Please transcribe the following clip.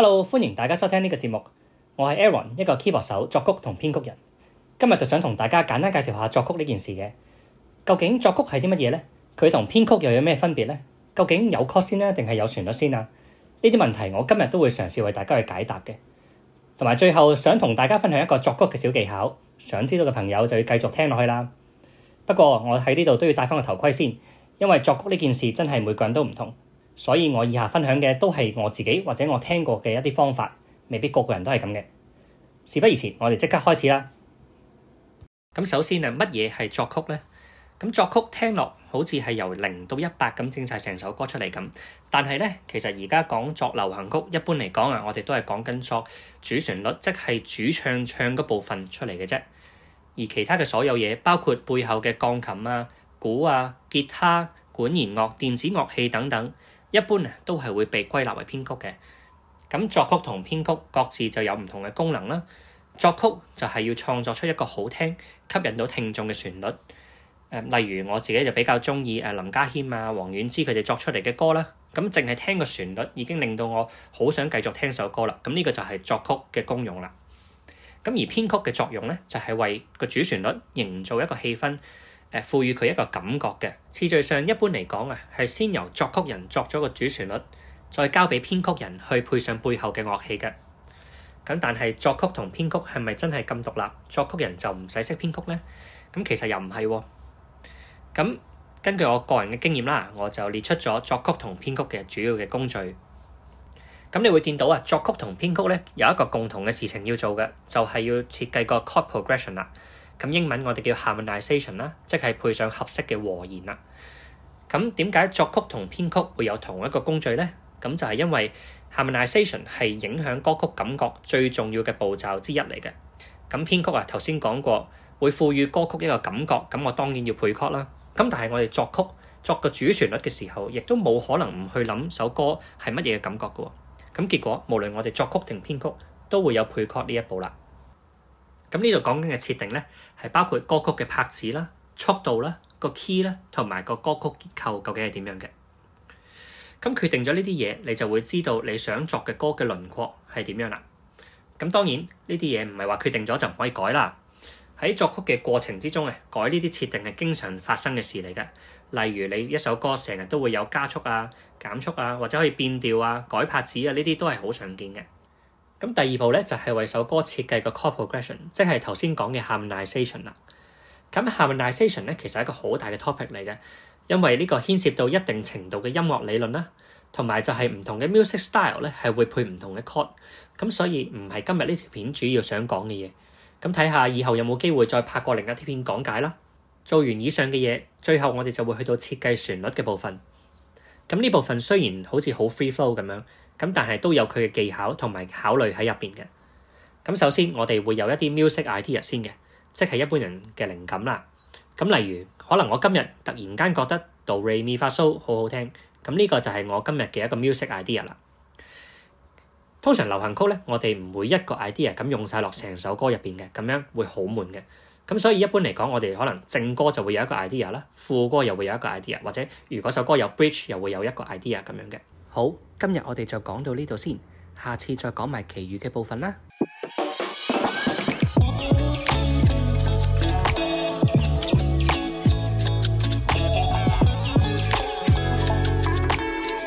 Hello，歡迎大家收聽呢個節目，我係 Aaron，一個 keyboard 手、作曲同編曲人。今日就想同大家簡單介紹下作曲呢件事嘅，究竟作曲係啲乜嘢呢？佢同編曲又有咩分別呢？究竟有 chord 先呢，定係有旋律先啊？呢啲問題我今日都會嘗試為大家去解答嘅。同埋最後想同大家分享一個作曲嘅小技巧，想知道嘅朋友就要繼續聽落去啦。不過我喺呢度都要戴翻個頭盔先，因為作曲呢件事真係每個人都唔同。所以我以下分享嘅都係我自己或者我聽過嘅一啲方法，未必個個人都係咁嘅。事不宜遲，我哋即刻開始啦。咁首先係，乜嘢係作曲呢？咁作曲聽落好似係由零到一百咁整晒成首歌出嚟咁，但係呢，其實而家講作流行曲一般嚟講啊，我哋都係講緊作主旋律，即係主唱唱嗰部分出嚟嘅啫。而其他嘅所有嘢，包括背後嘅鋼琴啊、鼓啊、吉他、管弦樂、電子樂器等等。一般都係會被歸納為編曲嘅。咁作曲同編曲各自就有唔同嘅功能啦。作曲就係要創作出一個好聽、吸引到聽眾嘅旋律。呃，例如我自己就比較鍾意林家謙啊、王菀之佢哋作出嚟嘅歌啦。咁淨係聽個旋律已經令到我好想繼續聽首歌啦。咁呢個就係作曲嘅功用啦。咁而編曲嘅作用呢，就係、是、為個主旋律營造一個氣氛。誒，賦予佢一個感覺嘅。次序上，一般嚟講啊，係先由作曲人作咗個主旋律，再交俾編曲人去配上背後嘅樂器嘅。咁但係作曲同編曲係咪真係咁獨立？作曲人就唔使識編曲呢？咁其實又唔係喎。咁根據我個人嘅經驗啦，我就列出咗作曲同編曲嘅主要嘅工序。咁你會見到啊，作曲同編曲咧有一個共同嘅事情要做嘅，就係要設計個 chord progression 啊。咁英文我哋叫 harmonization 啦，即係配上合適嘅和弦啦。咁點解作曲同編曲會有同一個工序呢？咁就係因為 harmonization 係影響歌曲感覺最重要嘅步驟之一嚟嘅。咁編曲啊，頭先講過會賦予歌曲一個感覺，咁我當然要配曲啦。咁但係我哋作曲作個主旋律嘅時候，亦都冇可能唔去諗首歌係乜嘢嘅感覺噶。咁結果無論我哋作曲定編曲，都會有配曲呢一步啦。咁呢度講緊嘅設定咧，係包括歌曲嘅拍子啦、速度啦、個 key 啦，同埋個歌曲結構究竟係點樣嘅。咁決定咗呢啲嘢，你就會知道你想作嘅歌嘅輪廓係點樣啦。咁當然呢啲嘢唔係話決定咗就唔可以改啦。喺作曲嘅過程之中啊，改呢啲設定係經常發生嘅事嚟嘅。例如你一首歌成日都會有加速啊、減速啊，或者可以變調啊、改拍子啊，呢啲都係好常見嘅。咁第二步咧就係、是、為首歌設計個 chord progression，即係頭先講嘅 harmonization 啦。咁 harmonization 咧其實係一個好大嘅 topic 嚟嘅，因為呢個牽涉到一定程度嘅音樂理論啦，同埋就係唔同嘅 music style 咧係會配唔同嘅 chord。咁所以唔係今日呢條片主要想講嘅嘢。咁睇下以後有冇機會再拍過另一條片講解啦。做完以上嘅嘢，最後我哋就會去到設計旋律嘅部分。咁呢部分雖然好似好 free flow 咁樣。咁但係都有佢嘅技巧同埋考慮喺入邊嘅。咁首先我哋會有一啲 music idea 先嘅，即係一般人嘅靈感啦。咁例如可能我今日突然間覺得 Do Re Mi Fa So 好好聽，咁呢個就係我今日嘅一個 music idea 啦。通常流行曲呢，我哋唔會一個 idea 咁用晒落成首歌入邊嘅，咁樣會好悶嘅。咁所以一般嚟講，我哋可能正歌就會有一個 idea 啦，副歌又會有一個 idea，或者如果首歌有 bridge 又會有一個 idea 咁樣嘅。好，今日我哋就講到呢度先，下次再講埋其餘嘅部分啦。